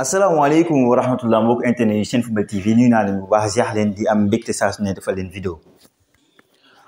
السلام عليكم ورحمة الله وبركاته. شنو في التلفزيون؟ أنا مباح زيارة لندي أم بكتساس نهدف لندي فيديو.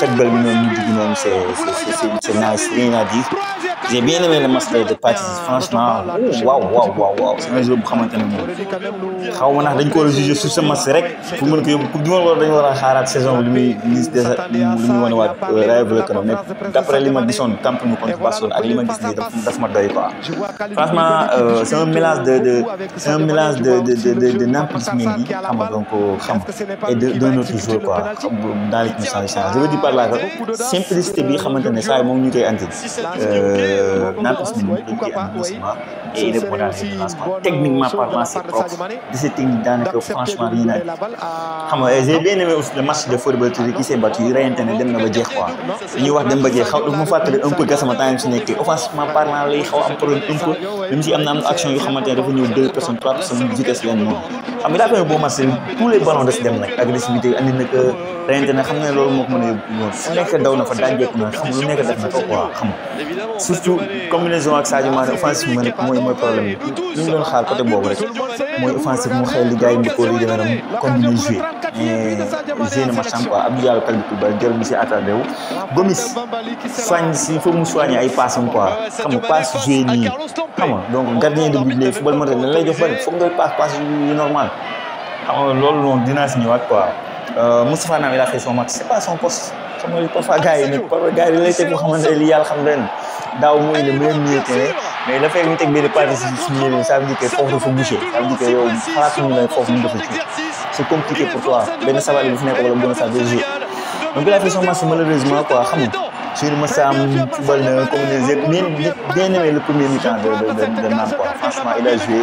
xet bal bi noonu dugg noonu c'est c'est c'est nice rien à dire j'ai bien aimé le match de Pathis franchement waaw waaw waaw waaw c'est un jeu bu xamante ne moom xaw ma ndax dañ ko war a jugé sur ce match rek pour mën ko yóbbu coupe du monde wala dañu war a xaaraat saison bi li muy lis dèjà li muy wane waat euh, Rayo Vallecano mais d'après li ma gisoon tamp ñu contre Barcelone ak li ma gis nii daf ma doy quoi franchement euh, c'est un mélange de de c'est un mélange de de de de Nampalys Mendy xam nga donc euh, xam et de d'un autre joueur quoi dans l'équipe nationale je veux dire par là que simplicité bi xamante ne saa yi moom ñu koy andi n'importe quel milieu qui a doucement et il est bon dans les transports. Techniquement parlant, c'est propre. De cette technique que franchement, rien à dire. Xam nga j'ai bien aimé aussi le match de football qui s'est battu, reyante na dem na ba jeex quoi. Ñuy wax dem ba jeex xaw mu fàttali un peu gasama temps ci nekk offensivement parlant lay xaw am problème un peu même si am na am action yu xamante ne dafa ñëw deux personnes trois personnes vitesse leen noonu. Xam nga daa koy boo match tous les ballons des dem nag agressivité andi na que reyante na xam nga loolu moo ko mën a yóbbu noonu. Fu nekk daw na fa dajeeku na xam lu nekk def na ko quoi xam. surtout combinaison ak a Mané offensive bi mooy mooy problème bi li ñu doon xaar côté boobu rek mooy offensive mu xëy li gars yi ndikoo li dana dem continuer jouer mais jouer na match am quoi Abdou ba jël mu si attardé wu Gomis soigne si il faut mu ay passe am quoi xam nga passe jouer nii xam nga gardien de but léegi football moderne lay jox bari foog nga passe passe yu normal xam nga loolu noonu dinaa si ñëwaat quoi euh, Moustapha Nam il a fait son match c'est pas son poste xam nga parfois gars yi nag parfois daaw mooy le meilleur milieu terrain mais le fait ñu teg benn partie si suñu yéene ça veut dire que foofu dafa bouché ça veut dire que yow xalaatuñu la foofu mu dafa ci c'est compliqué pour toi benn sabal bi fi nekk wala bon ça veut jouer donc la question c'est malheureusement quoi xam nga sur Massam football na comme les bien bien aimé le premier mi-temps de de de de Nam quoi franchement il a joué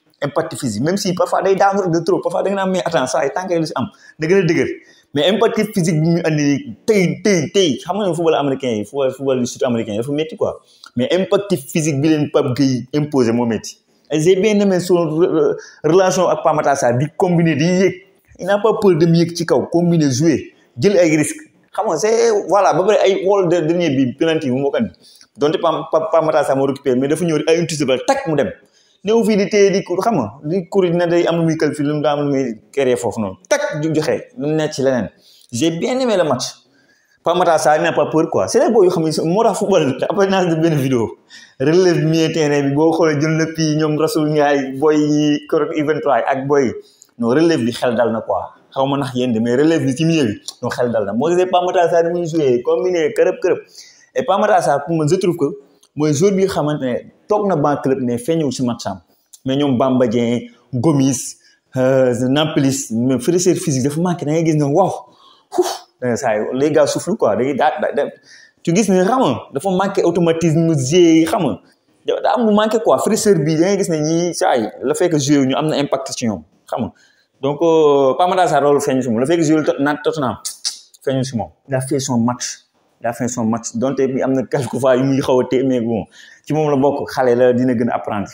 impact physique même si parfois day daanu de trop parfois da nga naan mais attends saa yi tànk la si am da gën a dëgër mais impact physique bi ñu andi tey tey tey xam nga ne football américain yi football football bi surtout américain di mu yéeg ci kaw combiner jouer jël ay risques xam nga voilà ba pare ay wol de dernier bi penalty bi moo ko andi donte Pape Pape Matar Sarr moo récupéré mais dafa ñëw ay une touche de mu dem. néew fii di téye di kur xam nga di kur dina day am lu muy calcul mu daa am foofu noonu tak du joxe lu nekk ci la j'ai bien aimé le n'a pas peur quoi c'est les boy yoo ne moo tax football après naa def bi boo xoolee jël na pii ñoom Rasoul Ndiaye boy yi Korok U23 ak boy yi bi xel dal na quoi xaw ma nax yéen de mais relève bi ci milieu bi non xel dal na moo gisee Pape Matar Sarr ni mu ñu joué kërëb kërëb et Pape Matar pour man je trouve que moy jour bi xamantene tok na ban club ne feñu ci matcham mais ñom Bamba Dieng Gomis euh Nampalys mais fraîcheur physique dafa manqué da ngay gis ne waaw saa say les gars souffle quoi da ngay daa tu gis ni ram nga dafa manqué automatisme yi xam nga daa am lu manqué quoi fraîcheur bi da ngay gis ni ñii saa le fait que joué ñu amna impact ci ñom xam nga donc euh, Pape Matar Sarr loolu feeñ si le fait que joué naat Tottenham feeñu si moom il a fait son match la fin son match donte bi am na quelques fois yu xaw a téye ci moom la bokk xale la dina gën a apprendre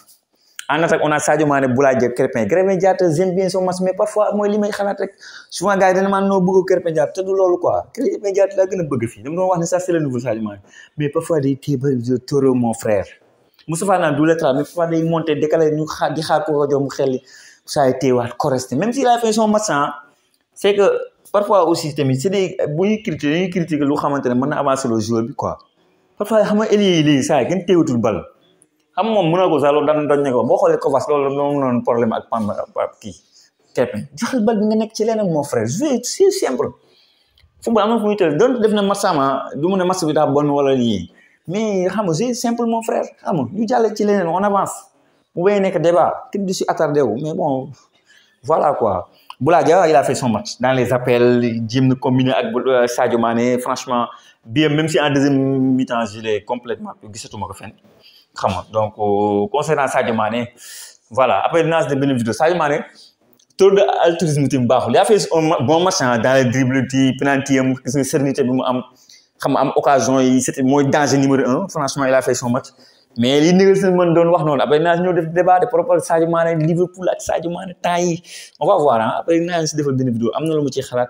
en attaque on a Sadio Mané Boulaye Dia Krépin Krépin Diatta j'aime bien son match mais parfois te laa gën a bëgg fii dama doon wax ne ça c'est le nouveau Sadio mais parfois day téye ba je toro mon frère Moustapha Name du latéral mais parfois day di xaar ko jox mu xel saa yi téyewaat correct même si la fin son match parfois aussi tamit c'est des bu ñuy critiquer dañuy critiquer lu xamante ne mën na avancer le joueur bi quoi parfois xam nga ailier yi léegi saa yi kenn teewatul bal xam nga moom mënoo ko sax loolu daan doon ñu ko boo xoolee Kovac loolu moom noonu problème ak Pamba ak kii Krépin joxal bal bi nga nekk ci leneen mon frère jouer c'est simple football am na fu muy tëdd donc def na match sama du mu ne match bi daa bon wala lii mais xam nga c'est simple mon frère xam nga ñu jàll ci leneen on avance mu bay nekk débat kenn du si attardé wu mais bon voilà quoi Boulaga, il a fait son match. Dans les appels, Jim combiné avec euh, Sadio Mané, franchement, bien, même si en deuxième mi-temps, il est complètement, je tout Donc, euh, concernant Sadio Mané, voilà. Après, il y a une vidéo. Sadio Mané. Tour de altruisme, il a fait un bon match hein, dans les dribbles, le penalty, la sérénité, il a eu l'occasion, c'était moins danger numéro un. Franchement, il a fait son match. mais li Nagelsmann mën doon wax noonu après naa ñoo def débat de propos Sadio Mané Liverpool ak Sadio Mané temps yi naa si defal am na lu mu ci xalaat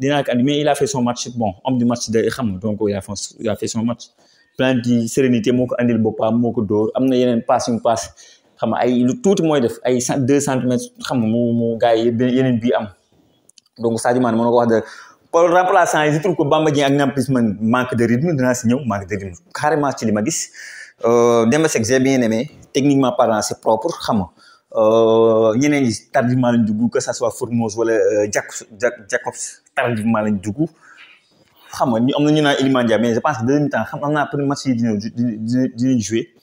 dinaa ko andi mais il a fait son match bon homme de xam nga donc il a fait il de sérénité moo ko andil boppam moo ko dóor am na yeneen passe yu mu passe ay lu tuuti mooy def ay deux centimètres xam nga mu mu gars yi yeneen bii am donc Sadio Mané mën na wax de pour remplaçant yi je trouve que Bamba Dieng ak Nampalys man manque de rythme dinaa si ñëw manque de rythme li ma gis. Euh, Demba Seck j'ai bien aimé techniquement parlant c'est propre xam euh ñeneen ñi tardivement lañ dugg que ça soit Formose wala euh, jack Jacobs tardivement lañ dugg xam nga ñu amna na ñu naan mais je pense que deuxième temps xam am match yi dina dina jouer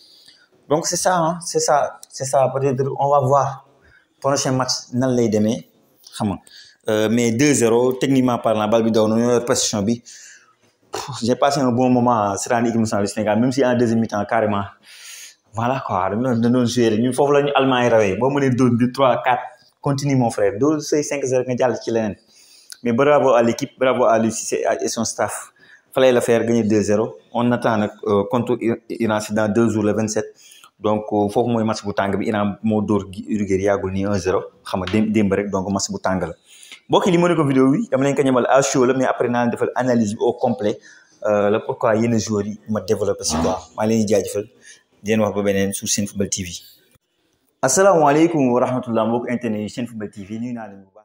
donc c'est ça hein c'est ça c'est ça peut-être on va voir prochain match nan lay démé xam nga euh, mais 2-0 techniquement parlant bal bi daw ñoo possession bi j'ai passé un bon moment c'est ce qui Sénégal même si en deuxième mi-temps carrément voilà quoi nous devons joué l'Allemagne Bon, on 3 4 continue mon frère 2 5-0 mais bravo à l'équipe bravo à Lucie et son staff fallait le faire gagner 2-0 on attend Quand euh, contre Iran dans deux jours le 27 donc euh, faut que match bu bi Iran il 1-0 me donc mbokk yi li ma ne ko vidéo bi dama leen ko ñamal à chaud la mais après naa leen defal analyse bi au complet euh, la pourquoi yenn joueurs yi ma développé si quoi maa leen di jaajëfal di leen wax ba beneen sur Senfootball TV. asalaamaaleykum wa rahmatullah mbokk internet yi Senfootball TV nuyu naa leen bu baax.